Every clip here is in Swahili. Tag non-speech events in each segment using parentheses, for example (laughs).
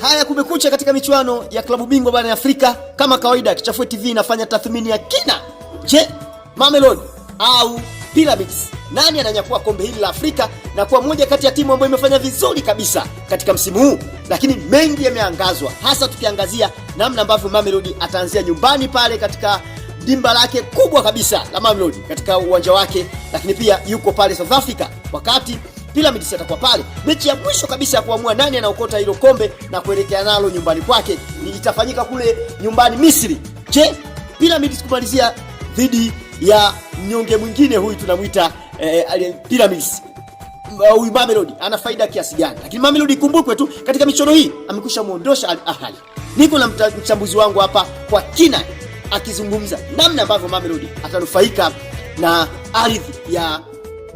Haya, kumekucha katika michuano ya klabu bingwa barani Afrika. Kama kawaida, Kichafue TV inafanya tathmini ya kina. Je, Mamelodi au Pyramids, nani ananyakua kombe hili la Afrika na kuwa moja kati ya timu ambayo imefanya vizuri kabisa katika msimu huu? Lakini mengi yameangazwa, hasa tukiangazia namna ambavyo Mamelodi ataanzia nyumbani pale katika dimba lake kubwa kabisa la Mamelodi katika uwanja wake, lakini pia yuko pale South Africa wakati Pyramids atakuwa pale. Mechi ya mwisho kabisa ya kuamua nani anaokota hilo kombe na kuelekea nalo nyumbani kwake itafanyika kule nyumbani Misri. Je, Pyramids kumalizia dhidi ya mnyonge mwingine huyu tunamwita eh, Pyramids eh, huyu uh, Mamelodi ana faida kiasi gani? Lakini Mamelodi ikumbukwe tu katika michoro hii amekwisha muondosha Al Ahly. Niko na mchambuzi wangu hapa kwa kina akizungumza namna ambavyo Mamelodi atanufaika na ardhi ya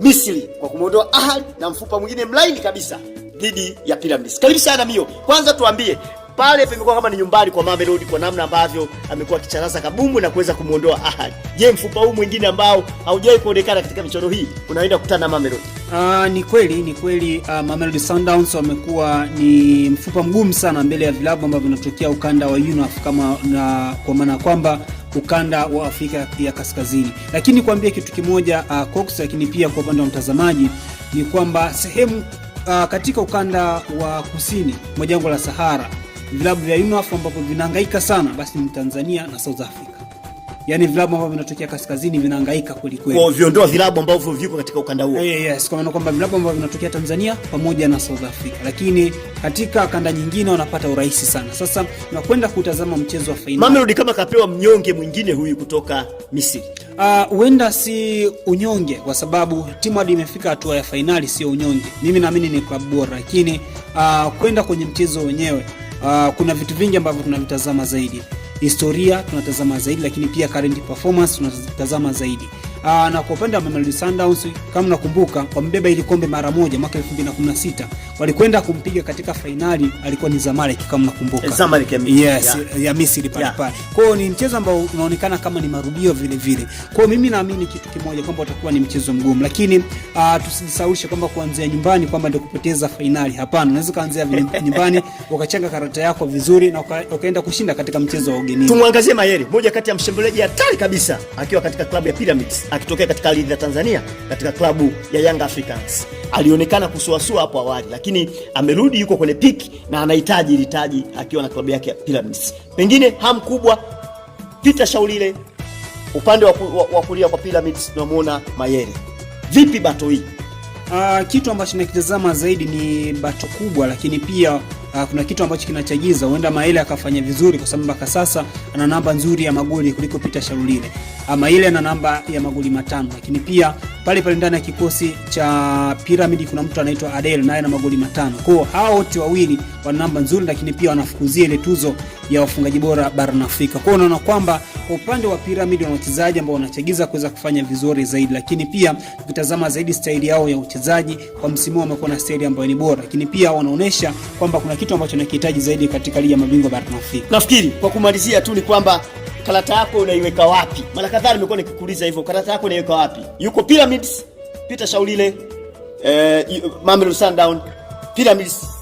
Misri kwa kumwondoa Ahad na mfupa mwingine mlaini kabisa dhidi ya Pyramids. Karibu sana Mio. Kwanza tuambie pale pamekuwa kama ni nyumbani kwa Mamelodi kwa namna ambavyo amekuwa akicharaza kabumbu na kuweza kumwondoa Ahad. Je, mfupa huu mwingine ambao haujawahi kuonekana katika michoro hii unaenda kukutana na Mamelodi? Uh, ni kweli ni kweli uh, Mamelodi Sundowns wamekuwa ni mfupa mgumu sana mbele ya vilabu ambavyo vinatokea ukanda wa UNAF kama na, kwa maana kwamba ukanda wa Afrika ya Kaskazini. Lakini kuambia kitu kimoja uh, Cox, lakini pia kwa upande wa mtazamaji ni kwamba sehemu uh, katika ukanda wa kusini mwa jango la Sahara vilabu vya UNAF ambavyo vinaangaika sana basi ni Tanzania na South Africa yani vilabu ambavyo vinatokea kaskazini vinahangaika kweli viondoa vilabu ambavyo viko katika ukanda huo. Eh, yes, kwa maana kwamba vilabu ambavyo vinatokea Tanzania pamoja na South Africa, lakini katika kanda nyingine wanapata urahisi sana. Sasa nakwenda kutazama mchezo wa fainali. kama kapewa mnyonge mwingine huyu kutoka Misri ah, huenda uh, si unyonge kwa sababu timu hadi imefika hatua ya fainali, sio unyonge. Mimi naamini ni klabu bora, lakini uh, kwenda kwenye mchezo wenyewe uh, kuna vitu vingi ambavyo tunavitazama zaidi historia tunatazama zaidi, lakini pia current performance tunatazama zaidi. Aa, ah, na kwa upande wa Mamelodi Sundowns kama nakumbuka, wamebeba ile kombe mara moja mwaka 2016 walikwenda kumpiga katika fainali, alikuwa ni Zamalek kama nakumbuka, Zamalek ya Misri, yes, yeah. ya Misri pale pale yeah. Kwao ni mchezo ambao unaonekana kama ni marudio vile vile. Kwao mimi naamini kitu kimoja kwamba utakuwa ni mchezo mgumu, lakini ah, tusijisahulishe kwamba kuanzia nyumbani kwamba ndio kupoteza fainali. Hapana, unaweza kuanzia (laughs) nyumbani ukachanga karata yako vizuri na ukaenda kushinda katika mchezo wa ugenini. Tumwangazie Mayeri, moja kati ya mshambuliaji hatari kabisa akiwa katika klabu ya Pyramids akitokea katika ligi ya Tanzania katika klabu ya Young Africans. Alionekana kusuasua hapo awali, lakini amerudi, yuko kwenye pik na anahitaji litaji akiwa na klabu yake ya Pyramids. Pengine ham kubwa pita Shaulile upande wa, wa, wa kulia kwa Pyramids tunamwona mayeri Vipi bato hii? Uh, kitu ambacho nakitazama zaidi ni bato kubwa, lakini pia uh, kuna kitu ambacho kinachagiza huenda Maele akafanya vizuri, kwa sababu mpaka sasa ana namba nzuri ya magoli kuliko Peter Sharulile. Ah, Maele ana namba ya magoli matano, lakini pia pale pale ndani ya kikosi cha Piramidi kuna mtu anaitwa Adel naye ana magoli matano. Kwa hiyo hao wote wawili wana namba nzuri, lakini pia wanafukuzia ile tuzo ya wafungaji bora barani Afrika. Kwa hiyo unaona kwamba kwa upande wa Piramidi wana wachezaji ambao wanachagiza kuweza kufanya vizuri zaidi, lakini pia tukitazama zaidi staili yao ya uchezaji kwa msimu wamekuwa na staili ambayo ni bora, lakini pia wanaonesha kwamba kuna kitu kitu ambacho nakihitaji zaidi katika ligi ya mabingwa barani Afrika. Nafikiri kwa kumalizia tu ni kwamba karata yako unaiweka wapi? Mara kadhaa nimekuwa nikikuuliza hivyo, karata yako unaiweka wapi? Yuko Pyramids, Peter Shaulile, eh, Mamelodi Sundowns, Pyramids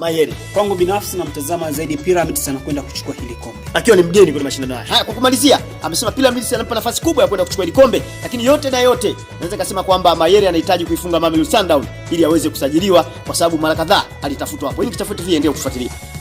Mayele. Kwangu binafsi namtazama zaidi Pyramids anakwenda kuchukua hili kombe akiwa ni mgeni kwenye mashindano haya. Haya, kwa kumalizia, amesema Pyramids anampa nafasi kubwa ya kwenda kuchukua hili kombe, lakini yote na yote naweza kusema kwamba Mayele anahitaji kuifunga Mamelodi Sundowns ili aweze kusajiliwa, kwa sababu mara kadhaa alitafutwa hapo. Hii kitafuti hii endelea